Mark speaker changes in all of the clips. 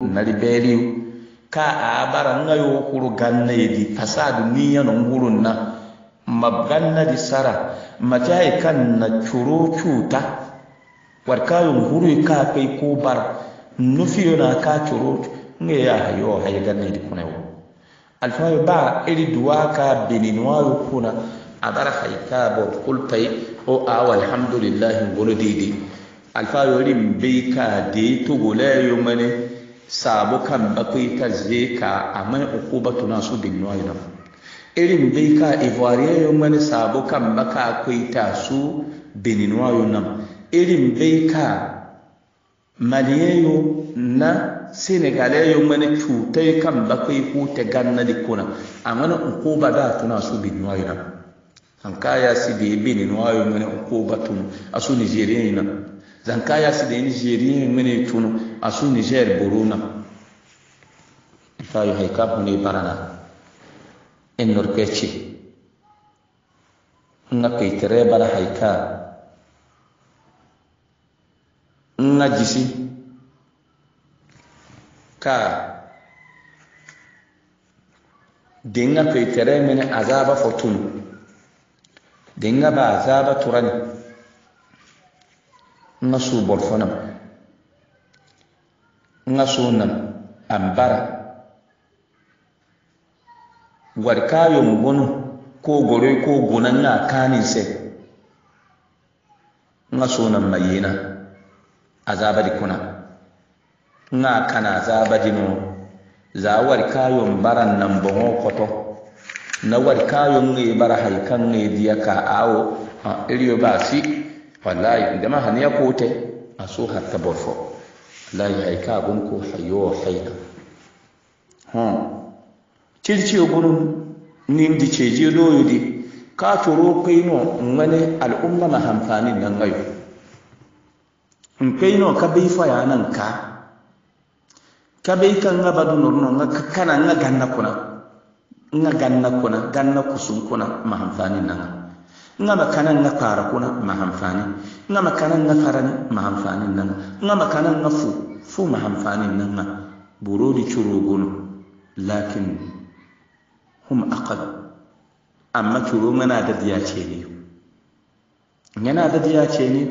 Speaker 1: nari beriu ka a bara nga yi huru ganna yedi fasadu non hurun na mabganna di sara matai e kan e na curo cuta warka yon huru ka kai ko bar nufi yana ka curo nga ya hayo hayo ganna e kuna yo alfayo ba iri duwa ka beninwa kuna a bara haika bot kulpai o awa alhamdulillahi ngolo didi alfayo wani bai ka de tugula yo sabu kan bakwai ta zeka a mai uku batu na su bin noida irin bai ka ivoiriyar wani sabu kan baka kwai ta su bin nan irin bai ka maliyayo na senegalayo wani cutai kan bakwai ko ta ganna dikuna kuna a wani uku ba da tuna su bin noida an kaya su bai bin noida wani uku batun a su nijeriya zanka ya si da nigeri mene tunu a su niger boruna yi haika kapu ne barana in norkeci na peitere bara hay ka nga jisi ka dinga peitere mene azaba fotun dinga ba azaba turani n ka so bɔrifɔ nam n ka so an bara wari ko gore ko gona n ka sai sɛ n ka so nam ma kuna n ka kana azabadi no za wari kayan baran nan bongo kɔtɔ na wari kaayon ŋa bara haikan ne diya ka awo iriyo ba si wallahi dama hani ya kote har ta borfo wallahi ai ka gun ko hayo hayna ha circi gunun nin di ceje doyo di ka toro kaino ngane al'umma ma hamfani nan gayo in kaino ka bai faya nan ka ka bai kan ga badu nurno nga kana nga ganna kuna nga ganna kuna ganna kusun kuna ma hamfani nan nga kanan na para kuna mahamfani nga kanan na farani mahamfani nan nga kanan na fu fu mahamfani nan ma burodi curogono lakin hum aqal amma churu mana da diya ce ne yana da diya ce ne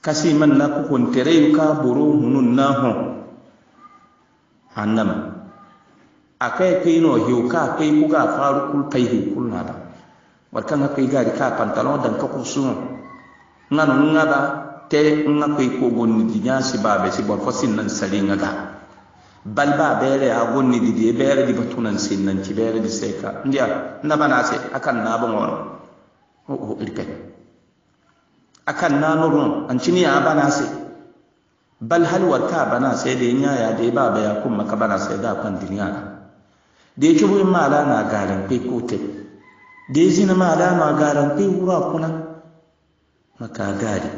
Speaker 1: kasi man na kukun ka buru hunun nahu annama a kai kai no hiu ka kai kuga faru kul kai hiu kul nada warkan ka kai gari ka pantalo dan ka na kusuno ngano da te nga kai ko gonni di nyasi babe si bor fosin nan sali ngada balba re a gonni di de bere di batunan sin nan ci bere di seka ndia na bana se akan na ba wono o o irke akan na no ron an cini ya bana se bal hal warka bana se de nya ya de babe ya kuma ka bana se da kan duniya dekibu imma alama agarampe kute dezinama alama agarampe wura kuna maka agari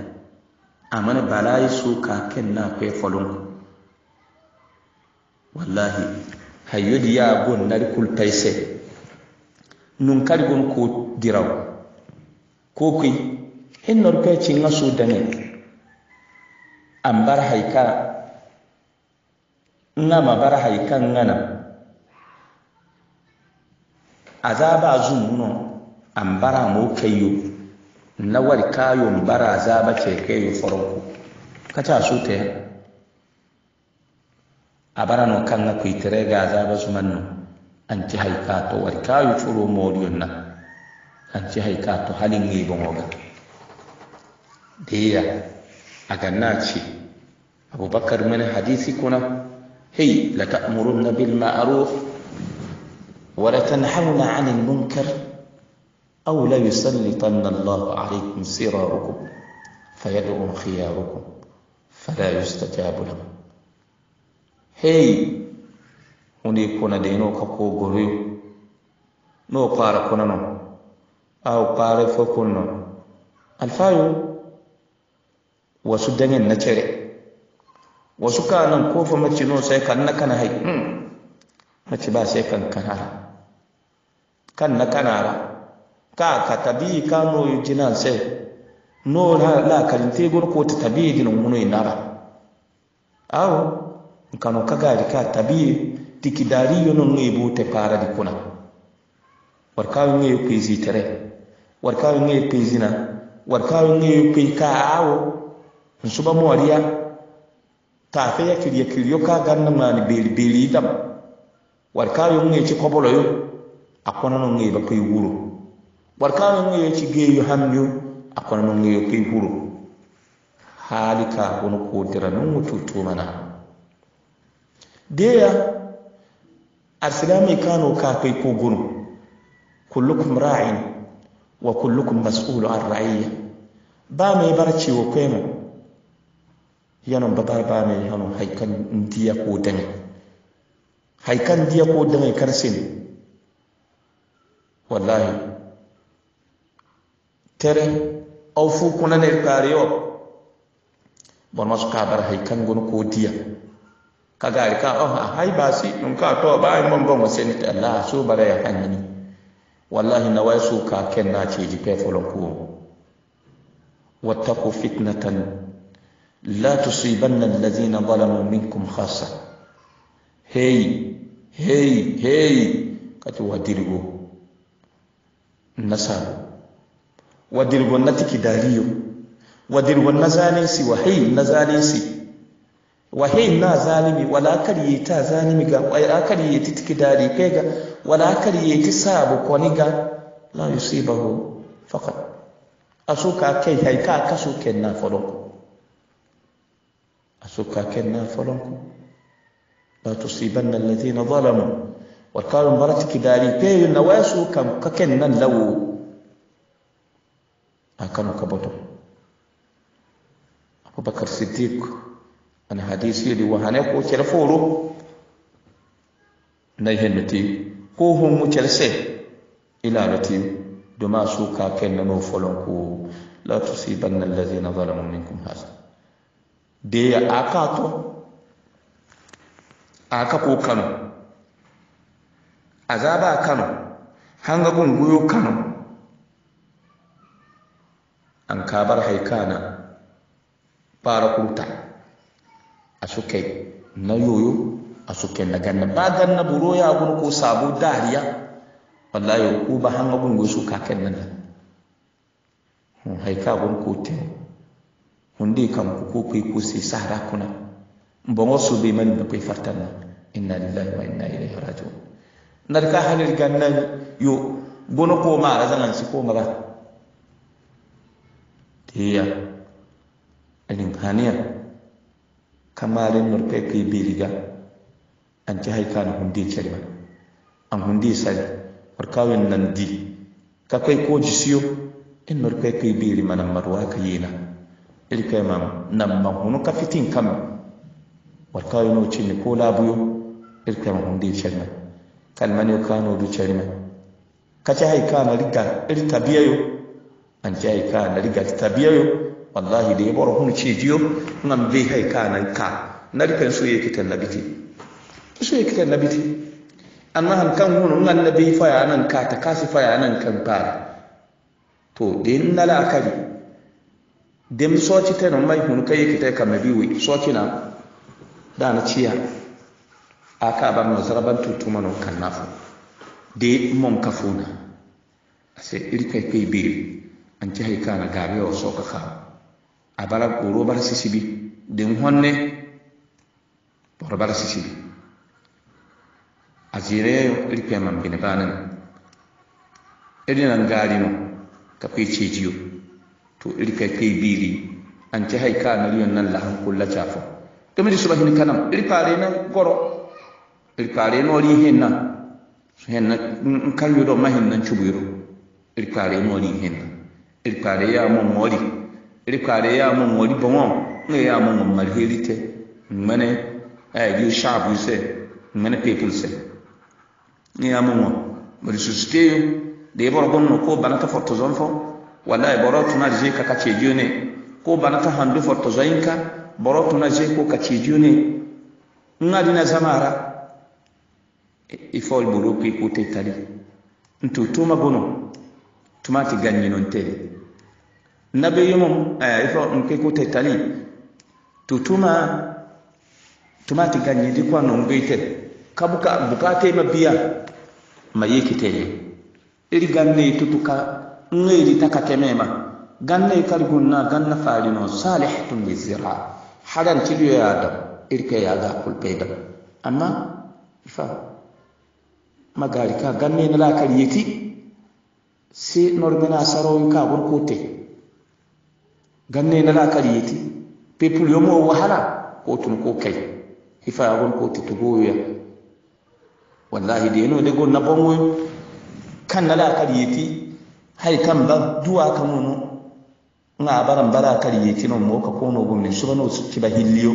Speaker 1: amana balayi so ka na kwe folonku wallahi hayyodi ya gon nari kulpaise nun kari gon ko diraw ko in na nor kay ci nga sudane am bar hayka nga ma bar hayka ngana azaba azun muno ambara mo kayo na wari kayo ambara azaba ce kayo foroko kata su te abara no kan ku itere ga azaba su manno an ci haika to wari kayo furo mo riyon na an ci haika to halin yi bon oga deya aga na ci abubakar mani hadisi kuna hei la ta'muruna bil ma'ruf ولتنحون عن المنكر أو لا يسلطن الله عليكم سراركم فيدعو خياركم فلا يستجاب لهم هي هني كنا دينو كوكو غريو نو قارا كنا نو أو قارا فكنا الفايو وسدنين نتري وسكانا كوفا ماتشي نو سيكا نكا نهي ماتشي با سيكا نكا نهي kan na kanara ka ka tabi ka no yujinan sai no la karinte gor ko ta tabi din muno inara aw kano kaga ka tabi tikidari yono ngi bote para di kuna warkawi ngi kwezi tere warkawi ngi kwezina ka ngi kwika awo nsuba moriya tafe ya kiriye yo ka ganna mani beli beli dam warkawi ngi ci kobolo yo akono no ngi ba kai wuro barkano ngi ci geeyu hamju akono no ngi kai wuro halika wono ko dira no mutu to mana deya arsilami kano ka kai ko gunu kullukum ra'in wa kullukum mas'ulu an ra'iyya ba mai barci wa kai mu yanon ba ba mai yanon haikan diya ko dane haikan diya ko dane karsin wallahi tere aw fu kuna ne kare yo bon masu ka bar hay kan gon ko diya. ka gari ka oh hay basi dun ka to ba ai mon bon wasani ta Allah so bara ya hanni wallahi na wai su ka ken na ce ji pe folon ko wattaqu fitnatan la tusibanna alladhina zalamu minkum khassa hey hey hey kati wadirgo nasabu wadir gwamnati kidariyo wadir na zalinsi wahayi na zalinsi wahayi na zalimi wala karye ta zalimi ga wala karye ta kidari kai ga wala karye ta sabu kwani ga la yusibahu faqat asuka kai haika kaso kenna fadon asuka kenna fadon la tusibanna alladhina zalamu wataru mbarat kidari peyu na wesu kam kaken nan lawo A akano kaboto abubakar siddiq an hadisi yadi wahane ko cere foro na hennati ko hun mu cerse ila lati duma su ka ken nan folon ko la tusibanna allazina zalamu minkum hasa de ya akato aka ko kano azaba kano hanga gunguyo kano an kabar haikana fara kuta a suke na yoyo a suke na ganna ba ganna buro ya gun ko sabu dariya wallahi ku ba hanga gun guyo su kaken nan hmm, haika gun ko te hunde kan ku ko kai ko sai sahara kuna ban wasu bai mani da kai fartan inna lillahi wa inna ilaihi raji'un nar ka halir gannan yo bono ko ma ra zangan si Ta mara tiya alin haniya kamarin nur kai kai riga an ci haika na hundi cari ba an hundi sai farkawin nan di ka kai ko siyo. in nur kai kai rima na marwa ka yi na ilkai ma na mahunu ka fitin kama warkawin ocin ko labuyo ilkai ma hundi cari kalmani kano duce rime kaca hay kana riga iri tabiyayo ce haika na riga tabiyayo wallahi da yaboro hunu jiyo ngam bai haika kana ka na kan so yake tan nabiti shi yake tan nabiti amma han kan hunu ngan nabi fa ya nan ka ta kasi fa ya nan kan fara to din nala akari dem soci tan mai hunu kai yake ta kamabiwe soci na da na ciya aka ba no zaraban tutuma no mun de mom a sai irkai kai biri an ci haika na gabe wa soka ka a bara koro bar sisibi din honne bar bar sisibi azire irkai man bin banan irin gari mu ka ce jiyo to irkai kai biri an ci haika na riyon nan la han kullata fa to mi subahin iri irkare nan goro irkare nori hinna hinna in kan yudo ma hinnan cubiro irkare nori hinna irkare ya mun mori irkare ya mun mori bongo ne ya mun mari helite mene eh you sharp you say mene people say ne ya mun mari su ste de bor no ko bana ta forto zonfo wallahi borot na je ka kace ne ko bana ta handu forto zainka borot na je ko kace ne ngadi na zamara ifo alburuki kute tali ntu tuma bono tumati ganyinon te nabe yomo eh, ifo nke kute tali tutuma tumati ganyidi kwa nongite kabuka bukate mabiya mayekitele iri ganne tutuka ngeri takatemema ganne kalgunna ganna falino salihatun zira. hadan ciliyo ya adam irke ya ga kulpeda amma ifa magari ka ganne na la kariyeti sai normina saron kabur kote ganne na la kariyeti people yomo wahala ko tun ko kai hifa gon kote to goya wallahi de yano de gon na bongo kan na lakar kariyeti hay kan ba duwa kamuno na baran bara kariyeti no mo ka kono gon ne subano su kiba hilliyo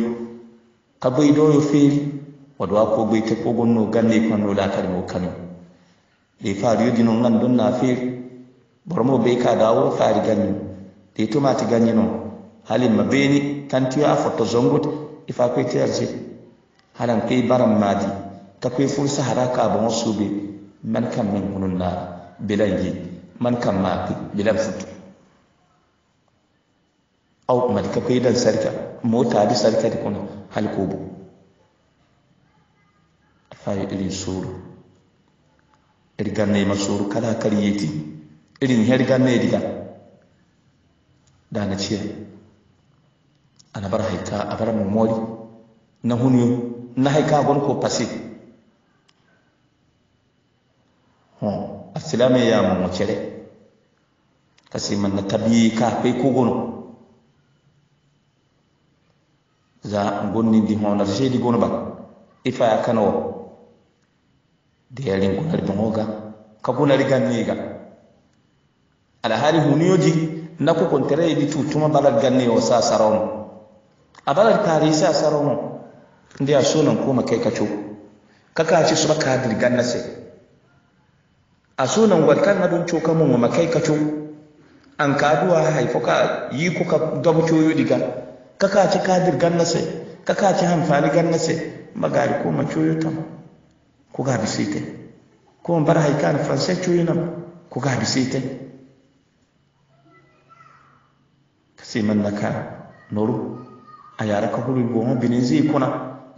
Speaker 1: ka bai doyo feri waa wa kogoi te kogonnoo gande fannoolaa karrimoo kanoo dee faariyo diinon nan dunnaa feeru barumoo beekaa daawoo faari ganyee dee tomaati ganyee noonu haali ma beeree tantuu yaa fotto zonguuti ifaakoo e itti arziki haalaan koo ee bara maati ka koo ee fuul saharaa kaabonuu suubi man kan hin kunnnaa bilan yi man kan maapi bilan futu au madi ka koo eedaan sarka moota adi sarka de kunu hali koobu. ha ye irin suuru eriganna ma suuru kala kari yeti irin heriganna diga dana ciya ana bara hayka a bara momori na hunyo na hayka gon ko pase ho asilame ya mo chere kasi man na tabi ka pe ko gon za gon ni di hono se di gon ba ifa ya kanowo de yarin kunar bongoga ka kunar ga alhari huniyoji na ku kontere di tutuma balar ganni wa sa saron a balar tare sa saron ndi a sunan kuma kai kacho kaka ci su baka ganna nase a sunan walkan na dunco kamun wa makai kacho an kaduwa haifo ka yi kuka dabco yu diga kaka ci kadir ganna nase kaka ci amfani ganna nase magari ko macoyo ta ku ga bisite ko bar haikan français cuyi nam ku ga bisite kasi man naka noru a yara ka hulu bo mo binenzi kuna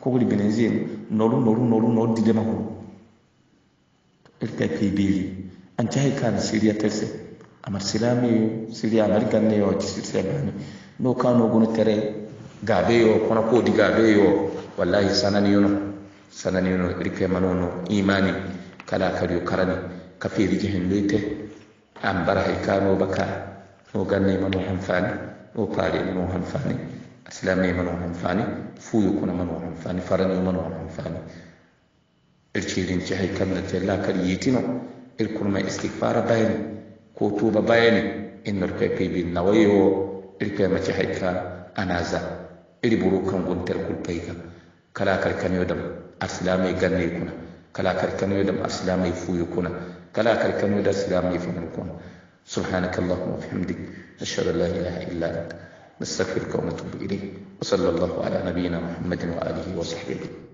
Speaker 1: ko gudi binenzi noru noru noru noru dide ma hulu irka kibiri an ta haikan siriya terse amar silami siri amerika ne yo ci sirse bani no kano gunu tere gabe yo kono kodi gabe yo wallahi sanani no. sananino rike manono imani kala karyo karani kafiri jihindoyte an bar hay kano baka no ganna mano hanfani o paali mano hanfani asilamai mano hanfani fuyu kuna manu hanfani farani manu hanfani ircirin ci haikar da ta lakar mai iske istighfara bayani ko tuba bayani innar kai kai bin nawayo irkai mace haika anaza iri burukan guntar ka kala yau da أسلامي جنة يكون كلا كركن يدم أسلامي فو يكون كلا كركن يدم أسلامي فو يكون سبحانك اللهم وبحمدك أشهد أن لا إله إلا أنت نستغفرك ونتوب إليك وصلى الله على نبينا محمد وآله وصحبه